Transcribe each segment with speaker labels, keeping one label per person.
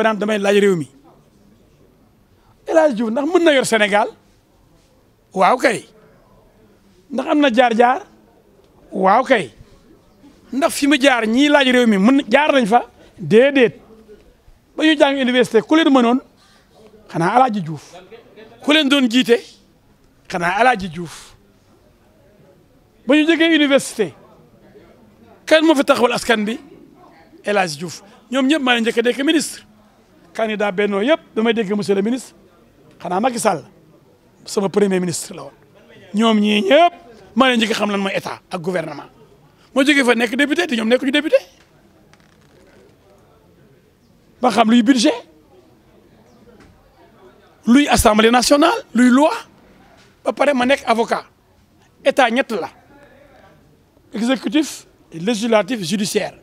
Speaker 1: ba naan damay laaj réew mi elaaj juuf Diouf ndax mën na yor Sénégal waaw kay ndax am na jaar-jaar waaw kay ndax fi ma jaar ñii laaj réew mi mën jaar nañ fa déedéet ba ñu jàng université ku leen mënoon xanaa El Hadj Diouf leen doon jiite xanaa El juuf Diouf ba ñu jógee université kan moo fi taxawal askan bi El Hadj ñoom ñëpp maa leen njëkk a ministre. candidat Beno yep damay dégg monsieur le ministre xanaa Macky Sall sama premier ministre la woon ñoom ñii ñëpp ma leen jigi xam lan moy état ak gouvernement mo jigi fa nek député té ñom nekk ñu député ba xam luy budget luy assemblée nationale luy loi ba paré ma nek avocat état ñett la exécutif législatif judiciaire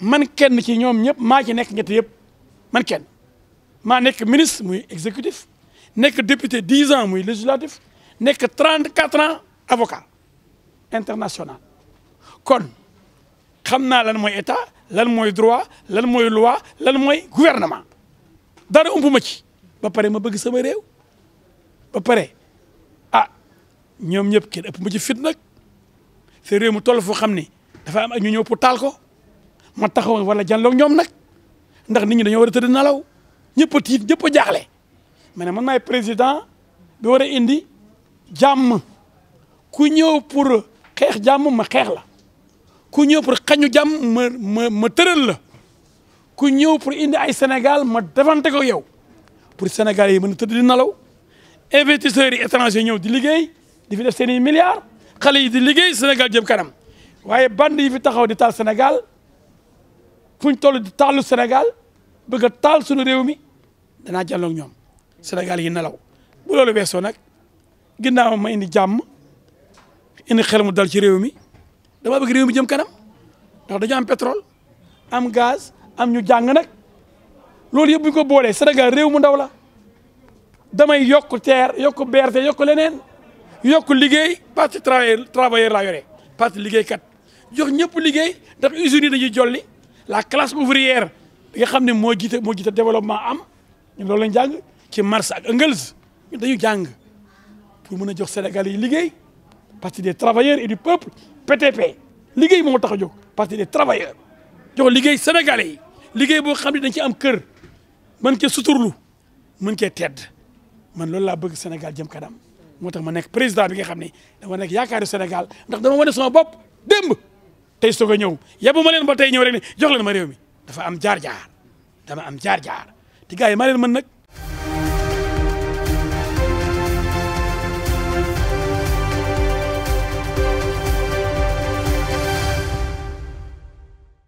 Speaker 1: man kenn ci ñom ñep ma ci nek ñett yep man kenn je suis ministre suis exécutif député 10 ans législatif que suis ans avocat international kon xam lan l'État, état le droit lan la loi lan le gouvernement dara ma ci ba veux ma bëgg sama réew ba ah ñoom ñëpp kenn ëpp ma ci fit nak c'est réew mu tollu dafa am ak ñu pour tal ko ma taxaw wala ndax nit ñi ñëpp tiit ñëpp a jaaxle mën ne président bi war a indi jàmm ku ñëw pour xeex jàmm ma xeex la ku ñëw pour xañu jàmm ma ma ma tëral la ku ñëw pour indi ay Sénégal ma defante ko yow pour Sénégal yi mën a tëdd di nalaw investisseurs yi étranger ñëw di liggéey di fi def seen i milliards xale yi di liggéey Sénégal jëm kanam waaye band yi fi taxaw di taal Sénégal fuñ toll di taalu Sénégal bëgg a taal sunu réew mi danaa jàlloog ñoom Sénégal yi nelaw bu loolu weesoo nag ginnaaw ma indi jàmm indi xel mu dal ci réew mi dama bëgg réew mi jëm kanam ndax dañu am pétrole am gaz am ñu jàng nag loolu yëpp bu ñu ko boolee senegal réew mu ndaw la damay yokk teer yokk berte yokk leneen yokk liggéey parti travailleur la laa yore parti liggéeykat jox ñëpp liggéey ndax usines yi dañuy jolli la classe ouvrière li nga xam ne moo jiite moo jiite développement am ñun loolu lañ jàng ci Marx ak Engels ñun dañu jàng pour mën a jox Sénégal yi liggéey parti des travailleurs et du peuple PTP liggéey moo tax a jóg parti des travailleurs jox liggéey sénégalais yi liggéey boo xam ne dañ ci am kër mën cee suturlu mën cee tedd man loolu laa bëgg Sénégal jëm kanam moo tax ma nekk président bi nga xam ne dama nekk yaakaaru Sénégal ndax dama wane sama bopp démb tey soog a ñëw yebbu ma leen ba tey ñëw rek ne jox leen ma réew mi dafa am jaar-jaar dama am jaar-jaar te gars yi maa leen mën nag